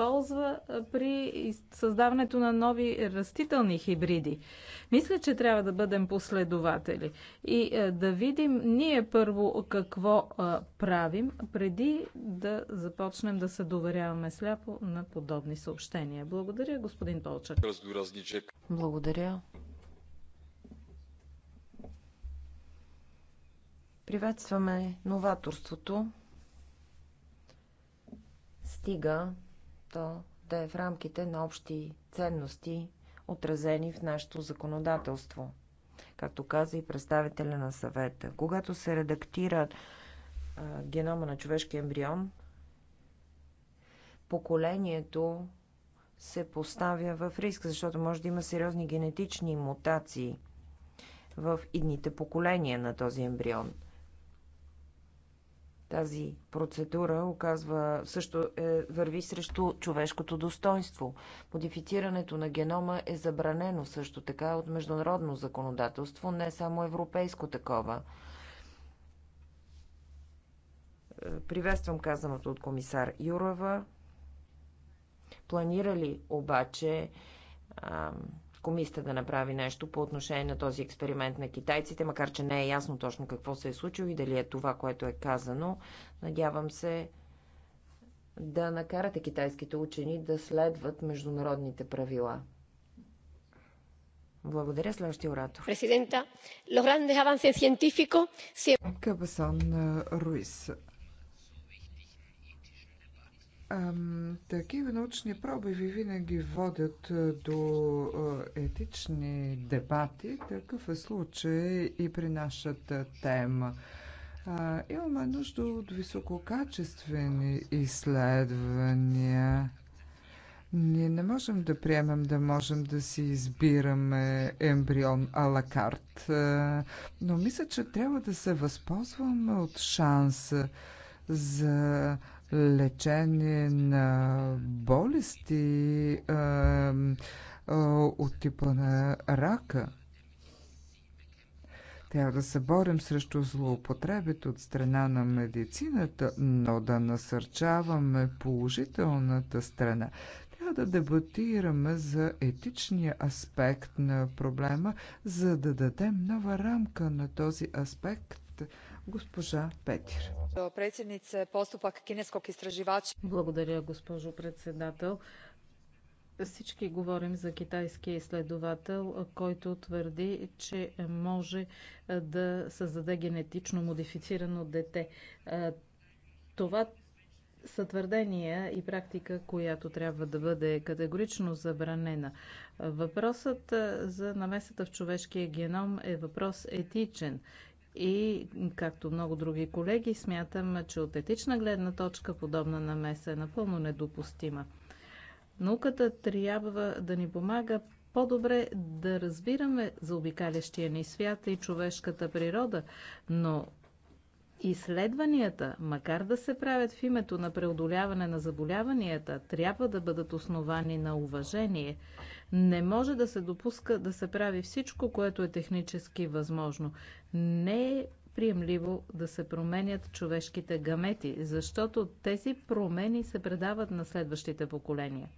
използва при създаването на нови растителни хибриди. Мисля, че трябва да бъдем последователи и да видим ние първо какво правим, преди да започнем да се доверяваме сляпо на подобни съобщения. Благодаря, господин Полчак. Благодаря. Приветстваме новаторството. Стига то да е в рамките на общи ценности, отразени в нашето законодателство. Както каза и представителя на съвета, когато се редактира а, генома на човешки ембрион, поколението се поставя в риск, защото може да има сериозни генетични мутации в идните поколения на този ембрион – тази процедура оказва, също е, върви срещу човешкото достоинство. Модифицирането на генома е забранено също така от международно законодателство, не само европейско такова. Е, приветствам казаното от комисар Юрова. Планира ли обаче комисията да направи нещо по отношение на този експеримент на китайците, макар че не е ясно точно какво се е случило и дали е това, което е казано. Надявам се да накарате китайските учени да следват международните правила. Благодаря, следващия оратор. Президента, los grandes avances científicos... Кабасан э, Руис такива научни пробиви винаги водят до етични дебати. Такъв е случай и при нашата тема. имаме нужда от висококачествени изследвания. Ние не можем да приемем да можем да си избираме ембрион алакарт, но мисля, че трябва да се възползваме от шанса за лечение на болести а, а, от типа на рака. Трябва да се борим срещу злоупотребите от страна на медицината, но да насърчаваме положителната страна. Трябва да дебатираме за етичния аспект на проблема, за да дадем нова рамка на този аспект – госпожа Петир. Благодаря, госпожо председател. Всички говорим за китайския изследовател, който твърди, че може да създаде генетично модифицирано дете. Това са твърдения и практика, която трябва да бъде категорично забранена. Въпросът за намесата в човешкия геном е въпрос етичен и, както много други колеги, смятам, че от етична гледна точка подобна намеса е напълно недопустима. Науката трябва да ни помага по-добре да разбираме за обикалящия ни свят и човешката природа, но Изследванията, макар да се правят в името на преодоляване на заболяванията, трябва да бъдат основани на уважение. Не може да се допуска да се прави всичко, което е технически възможно. Не е приемливо да се променят човешките гамети, защото тези промени се предават на следващите поколения.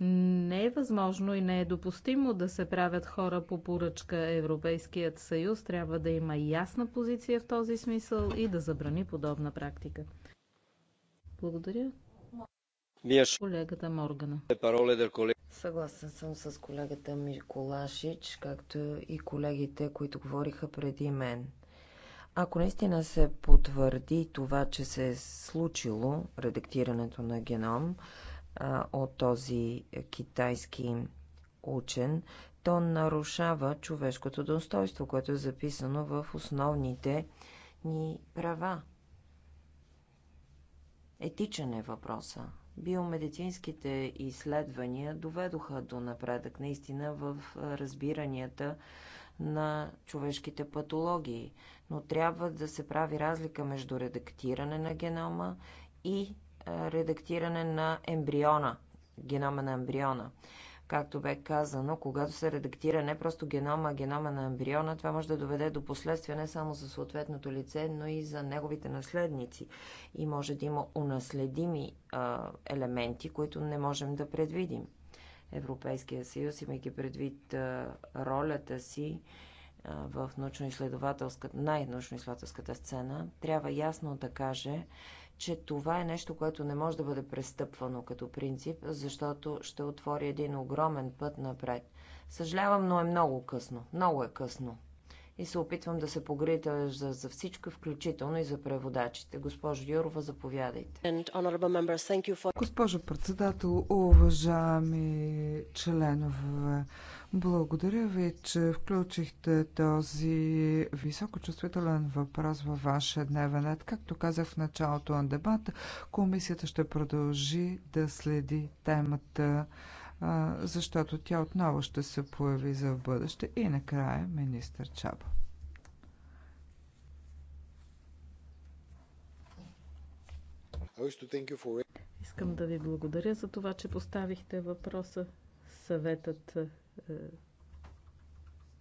Не е възможно и не е допустимо да се правят хора по поръчка. Европейският съюз трябва да има ясна позиция в този смисъл и да забрани подобна практика. Благодаря. Колегата Моргана. Съгласен съм с колегата Миколашич, както и колегите, които говориха преди мен. Ако наистина се потвърди това, че се е случило редактирането на геном, от този китайски учен, то нарушава човешкото достоинство, което е записано в основните ни права. Етичен е въпроса. Биомедицинските изследвания доведоха до напредък наистина в разбиранията на човешките патологии, но трябва да се прави разлика между редактиране на генома и е, редактиране на ембриона, генома на ембриона. Както бе казано, когато се редактира не просто генома, а генома на ембриона, това може да доведе до последствия не само за съответното лице, но и за неговите наследници. И може да има унаследими а, елементи, които не можем да предвидим. Европейския съюз, имайки предвид а, ролята си, в научно-изследователската, най-научно-изследователската сцена, трябва ясно да каже, че това е нещо, което не може да бъде престъпвано като принцип, защото ще отвори един огромен път напред. Съжалявам, но е много късно. Много е късно и се опитвам да се погрита за, за всичко, включително и за преводачите. Госпожо Юрова, заповядайте. Госпожо председател, уважаеми членове, благодаря ви, че включихте този високочувствителен въпрос във ваше дневен ред. Както казах в началото на дебата, комисията ще продължи да следи темата защото тя отново ще се появи за в бъдеще. И накрая министър Чаба. Искам да ви благодаря за това, че поставихте въпроса. Съветът е,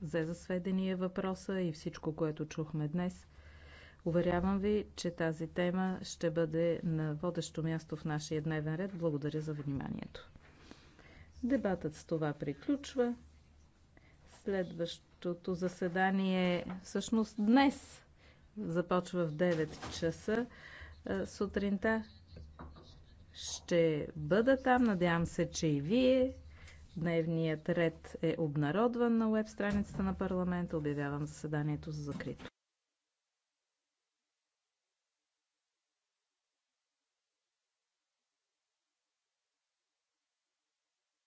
взе за сведение въпроса и всичко, което чухме днес. Уверявам ви, че тази тема ще бъде на водещо място в нашия дневен ред. Благодаря за вниманието. Дебатът с това приключва. Следващото заседание всъщност днес започва в 9 часа сутринта. Ще бъда там, надявам се, че и вие. Дневният ред е обнародван на веб страницата на парламента. Обявявам заседанието за закрито.